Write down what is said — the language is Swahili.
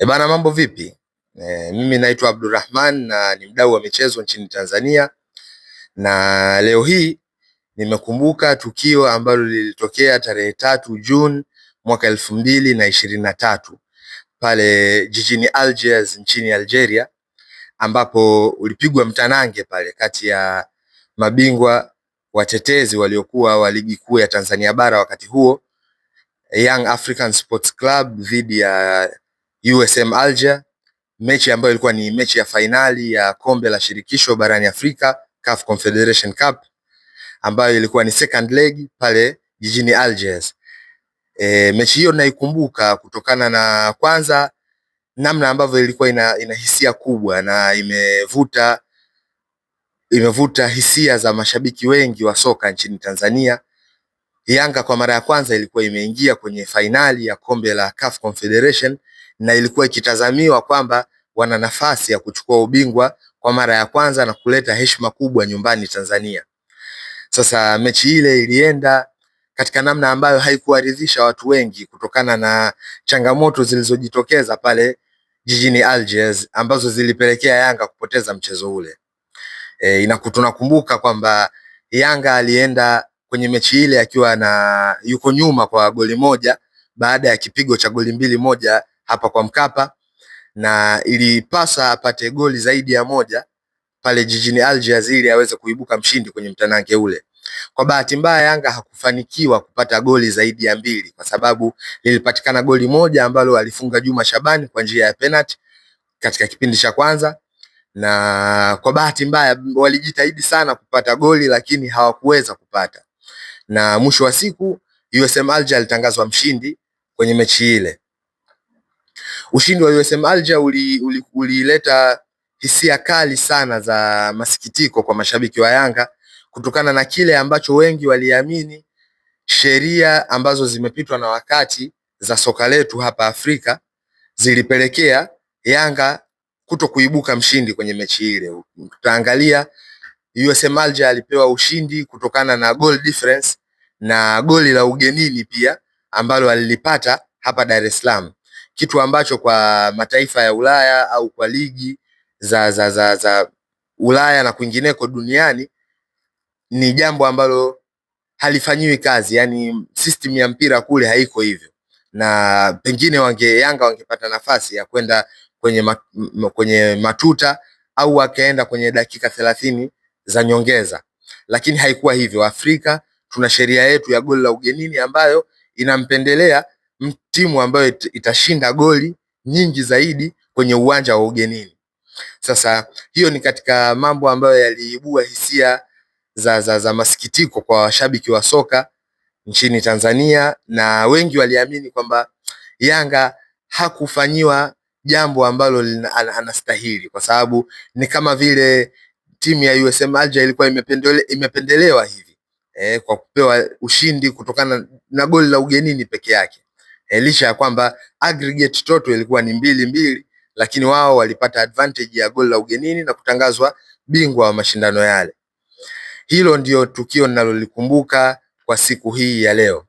E bana, mambo vipi? E, mimi naitwa Abdulrahman na ni mdau wa michezo nchini Tanzania, na leo hii nimekumbuka tukio ambalo lilitokea tarehe tatu Juni mwaka elfu mbili na ishirini na tatu pale jijini Algiers nchini Algeria, ambapo ulipigwa mtanange pale kati ya mabingwa watetezi waliokuwa wa ligi kuu ya Tanzania bara wakati huo Young African Sports Club dhidi ya USM Alger, mechi ambayo ilikuwa ni mechi ya fainali ya kombe la shirikisho barani Afrika, CAF Confederation Cup, ambayo ilikuwa ni second leg pale jijini Algiers. E, mechi hiyo naikumbuka kutokana na kwanza namna ambavyo ilikuwa ina, ina hisia kubwa na imevuta imevuta hisia za mashabiki wengi wa soka nchini Tanzania. Yanga kwa mara ya kwanza ilikuwa imeingia kwenye fainali ya kombe la CAF Confederation na ilikuwa ikitazamiwa kwamba wana nafasi ya kuchukua ubingwa kwa mara ya kwanza na kuleta heshima kubwa nyumbani Tanzania. Sasa mechi ile ilienda katika namna ambayo haikuwaridhisha watu wengi kutokana na changamoto zilizojitokeza pale jijini Algiers ambazo zilipelekea Yanga kupoteza mchezo ule. E, tunakumbuka kwamba Yanga alienda kwenye mechi ile akiwa na yuko nyuma kwa goli moja baada ya kipigo cha goli mbili moja hapa kwa Mkapa na ilipasa apate goli zaidi ya moja pale jijini Algiers ili aweze kuibuka mshindi kwenye mtanange ule. Kwa bahati mbaya, Yanga hakufanikiwa kupata goli zaidi ya mbili kwa sababu lilipatikana goli moja ambalo alifunga Juma Shabani kwa njia ya penalty katika kipindi cha kwanza, na kwa bahati mbaya walijitahidi sana kupata goli lakini hawakuweza kupata, na mwisho wa siku USM Alger alitangazwa mshindi kwenye mechi ile. Ushindi wa USM Alger ulileta uli, uli hisia kali sana za masikitiko kwa mashabiki wa Yanga kutokana na kile ambacho wengi waliamini sheria ambazo zimepitwa na wakati za soka letu hapa Afrika zilipelekea Yanga kuto kuibuka mshindi kwenye mechi ile. Tutaangalia USM Alger alipewa ushindi kutokana na goal difference na goli la ugenini pia ambalo alilipata hapa Dar es Salaam kitu ambacho kwa mataifa ya Ulaya au kwa ligi za, za, za, za Ulaya na kwingineko duniani ni jambo ambalo halifanyiwi kazi, yani system ya mpira kule haiko hivyo, na pengine wange Yanga wangepata nafasi ya kwenda kwenye, ma, kwenye matuta au wakaenda kwenye dakika thelathini za nyongeza, lakini haikuwa hivyo. Afrika tuna sheria yetu ya goli la ugenini ambayo inampendelea timu ambayo itashinda goli nyingi zaidi kwenye uwanja wa ugenini. Sasa hiyo ni katika mambo ambayo yaliibua hisia za, za, za masikitiko kwa washabiki wa soka nchini Tanzania, na wengi waliamini kwamba Yanga hakufanyiwa jambo ambalo anastahili, kwa sababu ni kama vile timu ya USM Alger ilikuwa imependele, imependelewa hivi eh, kwa kupewa ushindi kutokana na goli la ugenini peke yake e, licha ya kwamba aggregate total ilikuwa ni mbili mbili, lakini wao walipata advantage ya goli la ugenini na kutangazwa bingwa wa mashindano yale. Hilo ndio tukio ninalolikumbuka kwa siku hii ya leo.